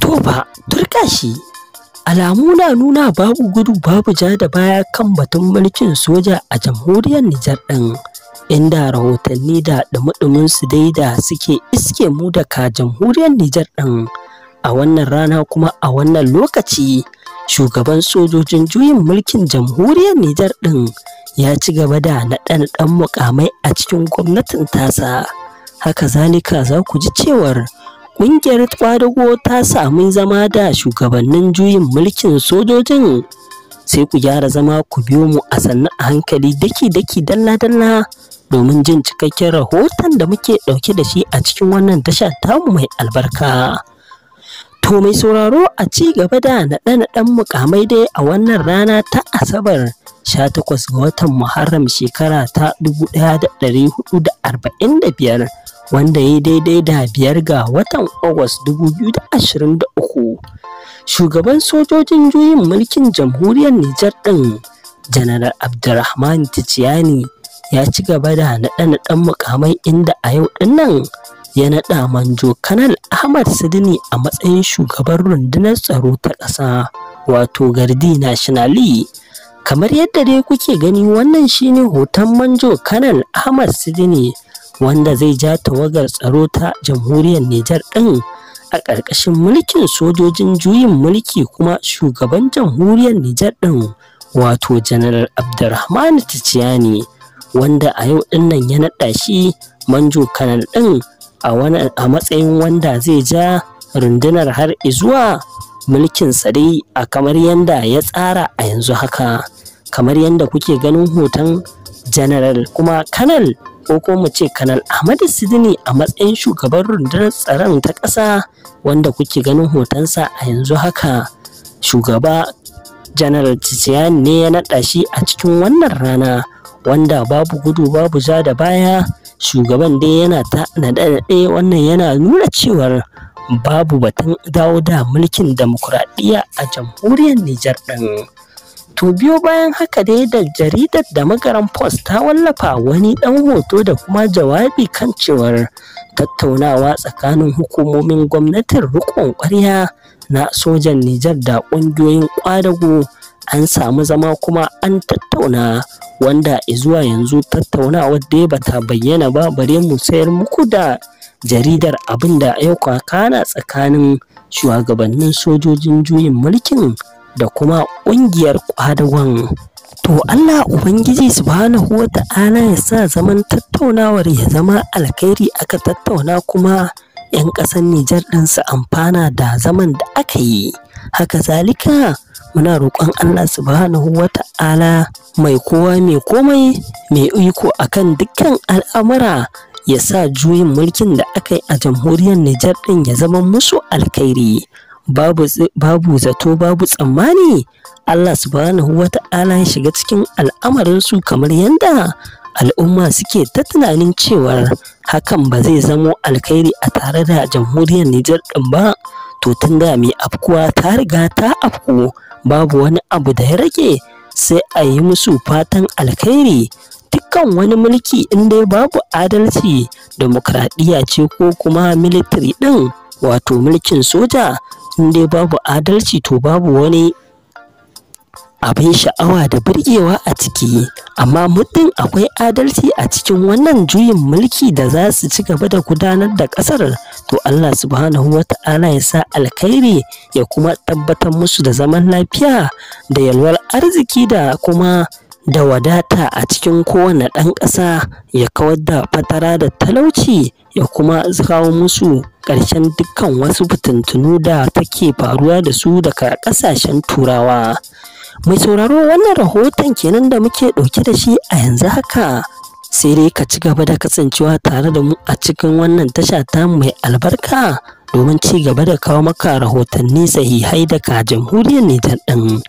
to ba turka shi alamu na nuna babu gudu babu ja da baya kan batun mulkin soja a jamhuriyar nijar ɗin inda rahotanni da ɗumi su dai da suke iske mu daga jamhuriyar nijar ɗin a wannan rana kuma a wannan lokaci shugaban sojojin juyin mulkin jamhuriyar nijar ɗin ya ci gaba da naɗe mukamai a cikin gwamnatin tasa haka zalika za ku ji cewar Ƙungiyar ƙwadago ta samu zama da shugabannin juyin mulkin sojojin sai ku gyara zama ku biyo mu a sannan a hankali daki-daki dalla-dalla domin jin cikakken rahoton da muke ɗauke da shi a cikin wannan tasha tamu mai albarka. To mai sauraro a ci gaba da naɗe-naɗen mukamai dai a wannan rana ta Asabar takwas ga watan Muharram shekara ta da da arba'in biyar. wanda ya daidai da biyar ga watan Agusta 2023. Shugaban sojojin juyin mulkin jamhuriyar Nijar ɗin, Janar Abdulrahman Tijjani ya ci gaba da naɗa naɗan mukamai inda a yau ɗinnan ya naɗa manjo kanal Ahmad Sidini a matsayin shugaban rundunar tsaro ta ƙasa wato gardi nationally. kamar yadda dai kuke gani wannan shine hoton manjo kanal Ahmad Sidini wanda zai ja tawagar tsaro ta jamhuriyar Nijar ɗin a ƙarƙashin mulkin sojojin juyin mulki kuma shugaban jamhuriyar Nijar ɗin wato janar Abdurrahman Tijjani wanda a yau nan ya naɗa shi manjo kanal ɗin a matsayin wanda zai ja rundunar har izuwa mulkin sare a kamar yadda ya tsara a yanzu haka kamar yadda kuke ganin hoton janaral kuma kanal ko ko mu ce kanal ahmadu sidini a matsayin shugaban rundunar tsaron ta ƙasa wanda kuke ganin hotonsa a yanzu haka shugaba janar titiyan ne ya naɗa shi a cikin wannan rana wanda babu gudu babu ja da baya shugaban dai yana ta naɗe-naɗe wannan yana nuna cewar babu batun dawo da mulkin demokuraɗiyya a jamhuriyar nijar ɗin To biyo bayan haka dai da jaridar da magaran post ta wallafa wani ɗan hoto da kuma jawabi kan cewar tattaunawa tsakanin hukumomin gwamnatin rikon ƙwarya na sojan Nijar da ƙungiyoyin ƙwadago an samu zama kuma an tattauna wanda zuwa yanzu tattaunawar dai bata bayyana ba bare mu sayar muku da jaridar abin da kana tsakanin shugabannin sojojin juyin mulkin da kuma ƙungiyar ƙwadagon to Allah Ubangiji subhanahu wa ta'ala ya sa zaman tattaunawar ya zama alkhairi aka tattauna kuma 'yan ƙasar Nijar ɗin su amfana da zaman da aka yi haka zalika muna roƙon Allah subhanahu wa ta'ala mai kowa mai komai mai iko akan dukkan al'amura ya sa juyin mulkin da aka yi a jamhuriyar Nijar ɗin ya zama musu alkhairi babu zato babu tsammani Allah subhanahu ta'ala ya shiga cikin al'amarinsu kamar yadda al'umma suke ta tunanin cewar hakan ba zai zamo alkhairi a tare da jamhuriyar Nijar ɗin ba to tun da mai afkuwa ta riga ta afku babu wani abu da ya rage sai a yi musu fatan alkhairi dukkan wani mulki in dai babu adalci demokradiyya ce ko kuma military ɗin wato mulkin soja in dai babu adalci to babu wani abin sha'awa da birgewa a ciki amma muddin akwai adalci a cikin wannan juyin mulki da za su ci gaba da gudanar da ƙasar to Allah subhanahu wa ta'ala ya sa alkhairi ya kuma tabbatar musu da zaman lafiya da yalwar arziki da kuma da wadata a cikin kowane ɗan ƙasa ya kawar da fatara da talauci ya kuma kawo musu ƙarshen dukkan wasu fitintunu da take faruwa da su daga ƙasashen turawa mai sauraro wannan rahoton kenan da muke ɗauke da shi a yanzu haka sai dai ka ci gaba da kasancewa tare da mu a cikin wannan tasha ta mai albarka domin ci gaba da kawo maka rahotanni sahihai daga jamhuriyar Nijar ɗin.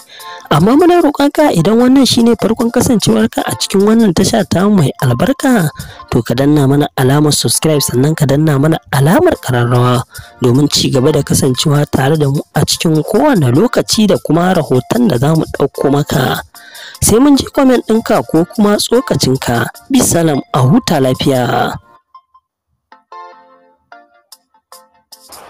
Amma muna ka idan wannan shine farkon kasancewarka a cikin wannan tasha ta mai albarka to ka danna mana alamar subscribe sannan ka danna mana alamar ƙararrawa domin ci gaba da kasancewa tare da mu a cikin kowane lokaci da kuma rahoton da za mu ɗauko maka. Sai mun ji comment ɗinka ko kuma tsokacinka. Bisalam a huta lafiya.